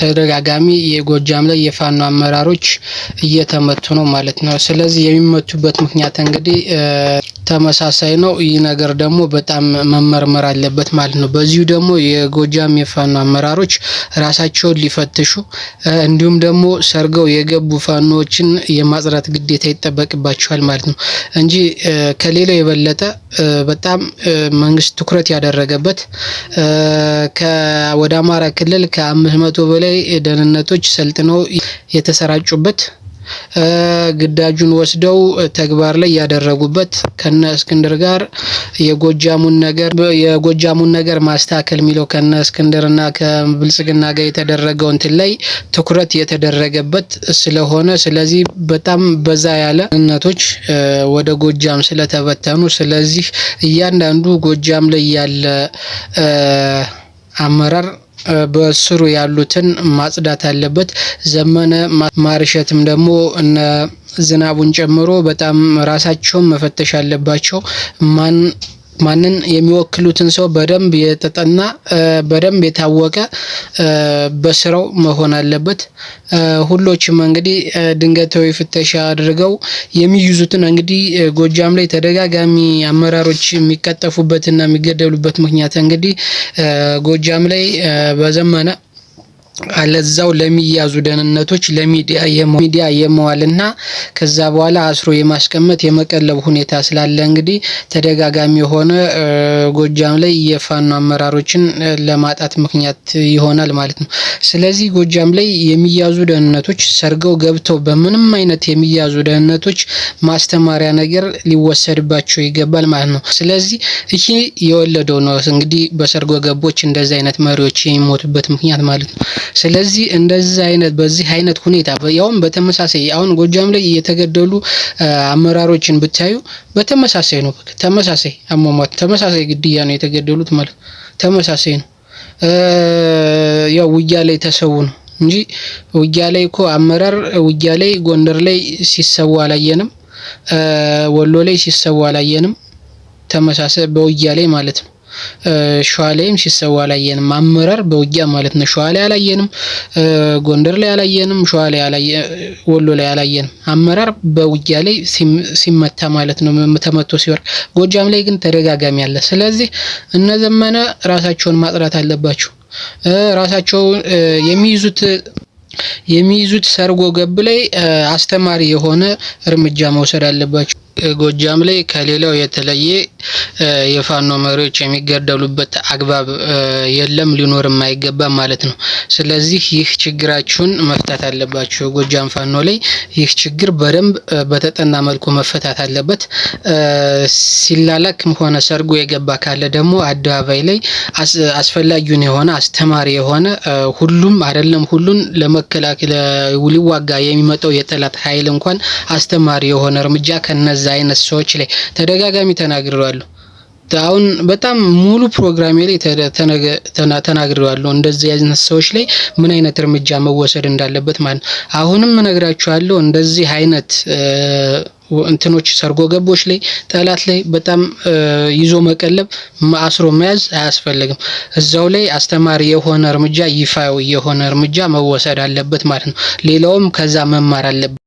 ተደጋጋሚ የጎጃም ላይ የፋኖ አመራሮች እየተመቱ ነው ማለት ነው። ስለዚህ የሚመቱበት ምክንያት እንግዲህ ተመሳሳይ ነው። ይህ ነገር ደግሞ በጣም መመርመር አለበት ማለት ነው። በዚሁ ደግሞ የጎጃም የፋኖ አመራሮች ራሳቸውን ሊፈትሹ እንዲሁም ደግሞ ሰርገው የገቡ ፋኖዎችን የማጽዳት ግዴታ ይጠበቅባቸዋል ማለት ነው እንጂ ከሌላው የበለጠ በጣም መንግስት ትኩረት ያደረገበት ወደ አማራ ክልል ከአምስት መቶ በላይ ደህንነቶች ሰልጥነው የተሰራጩበት ግዳጁን ወስደው ተግባር ላይ ያደረጉበት ከነ እስክንድር ጋር የጎጃሙን ነገር የጎጃሙን ነገር ማስተካከል የሚለው ከነ እስክንድርና ከብልጽግና ጋር የተደረገው እንትን ላይ ትኩረት የተደረገበት ስለሆነ ስለዚህ በጣም በዛ ያለ እነቶች ወደ ጎጃም ስለተበተኑ ስለዚህ እያንዳንዱ ጎጃም ላይ ያለ አመራር በስሩ ያሉትን ማጽዳት አለበት። ዘመነ ማርሸትም ደግሞ እነ ዝናቡን ጨምሮ በጣም ራሳቸውን መፈተሽ አለባቸው። ማን ማንን የሚወክሉትን ሰው በደንብ የተጠና በደንብ የታወቀ በስራው መሆን አለበት። ሁሎችም እንግዲህ ድንገታዊ ፍተሻ አድርገው የሚይዙትን እንግዲህ ጎጃም ላይ ተደጋጋሚ አመራሮች የሚቀጠፉበትና የሚገደሉበት ምክንያት እንግዲህ ጎጃም ላይ በዘመነ አለዛው ለሚያዙ ደህንነቶች ለሚዲያ የመዋልና ከዛ በኋላ አስሮ የማስቀመጥ የመቀለብ ሁኔታ ስላለ እንግዲህ ተደጋጋሚ የሆነ ጎጃም ላይ የፋኖ አመራሮችን ለማጣት ምክንያት ይሆናል ማለት ነው። ስለዚህ ጎጃም ላይ የሚያዙ ደህንነቶች ሰርገው ገብተው በምንም አይነት የሚያዙ ደህንነቶች ማስተማሪያ ነገር ሊወሰድባቸው ይገባል ማለት ነው። ስለዚህ ይህ የወለደው ነው እንግዲህ በሰርጎ ገቦች እንደዚህ አይነት መሪዎች የሚሞቱበት ምክንያት ማለት ነው። ስለዚህ እንደዚህ አይነት በዚህ አይነት ሁኔታ ያውም በተመሳሳይ አሁን ጎጃም ላይ የተገደሉ አመራሮችን ብታዩ በተመሳሳይ ነው። ተመሳሳይ አሟሟት፣ ተመሳሳይ ግድያ ነው የተገደሉት ማለት ተመሳሳይ ነው። ያው ውጊያ ላይ ተሰው ነው እንጂ ውጊያ ላይ እኮ አመራር ውጊያ ላይ ጎንደር ላይ ሲሰው አላየንም። ወሎ ላይ ሲሰው አላየንም። ተመሳሳይ በውጊያ ላይ ማለት ነው። ሸዋ ላይም ሲሰዋ አላየንም። አመራር በውጊያ ማለት ነው። ሸዋ ላይ አላየንም፣ ጎንደር ላይ አላየንም፣ ሸዋ ላይ ወሎ ላይ አላየንም። አመራር በውጊያ ላይ ሲመታ ማለት ነው፣ ተመቶ ሲወርቅ። ጎጃም ላይ ግን ተደጋጋሚ አለ። ስለዚህ እነ ዘመነ ራሳቸውን ማጥራት አለባቸው። ራሳቸው የሚይዙት የሚይዙት ሰርጎ ገብ ላይ አስተማሪ የሆነ እርምጃ መውሰድ አለባቸው። ጎጃም ላይ ከሌላው የተለየ የፋኖ መሪዎች የሚገደሉበት አግባብ የለም፣ ሊኖርም አይገባም ማለት ነው። ስለዚህ ይህ ችግራችሁን መፍታት አለባችሁ። ጎጃም ፋኖ ላይ ይህ ችግር በደንብ በተጠና መልኩ መፈታት አለበት። ሲላላክም ሆነ ሰርጎ የገባ ካለ ደግሞ አደባባይ ላይ አስፈላጊውን የሆነ አስተማሪ የሆነ ሁሉም አይደለም ሁሉን ለመከላከል ሊዋጋ የሚመጣው የጠላት ኃይል እንኳን አስተማሪ የሆነ እርምጃ ከነዛ አይነት ሰዎች ላይ ተደጋጋሚ ተናግረዋል። አሁን በጣም ሙሉ ፕሮግራሜ ላይ ተናግረዋለሁ እንደዚህ አይነት ሰዎች ላይ ምን አይነት እርምጃ መወሰድ እንዳለበት ማለት ነው። አሁንም እነግራችኋለሁ። እንደዚህ አይነት እንትኖች ሰርጎ ገቦች ላይ ጠላት ላይ በጣም ይዞ መቀለብ አስሮ መያዝ አያስፈልግም። እዛው ላይ አስተማሪ የሆነ እርምጃ ይፋዊ የሆነ እርምጃ መወሰድ አለበት ማለት ነው። ሌላውም ከዛ መማር አለበት።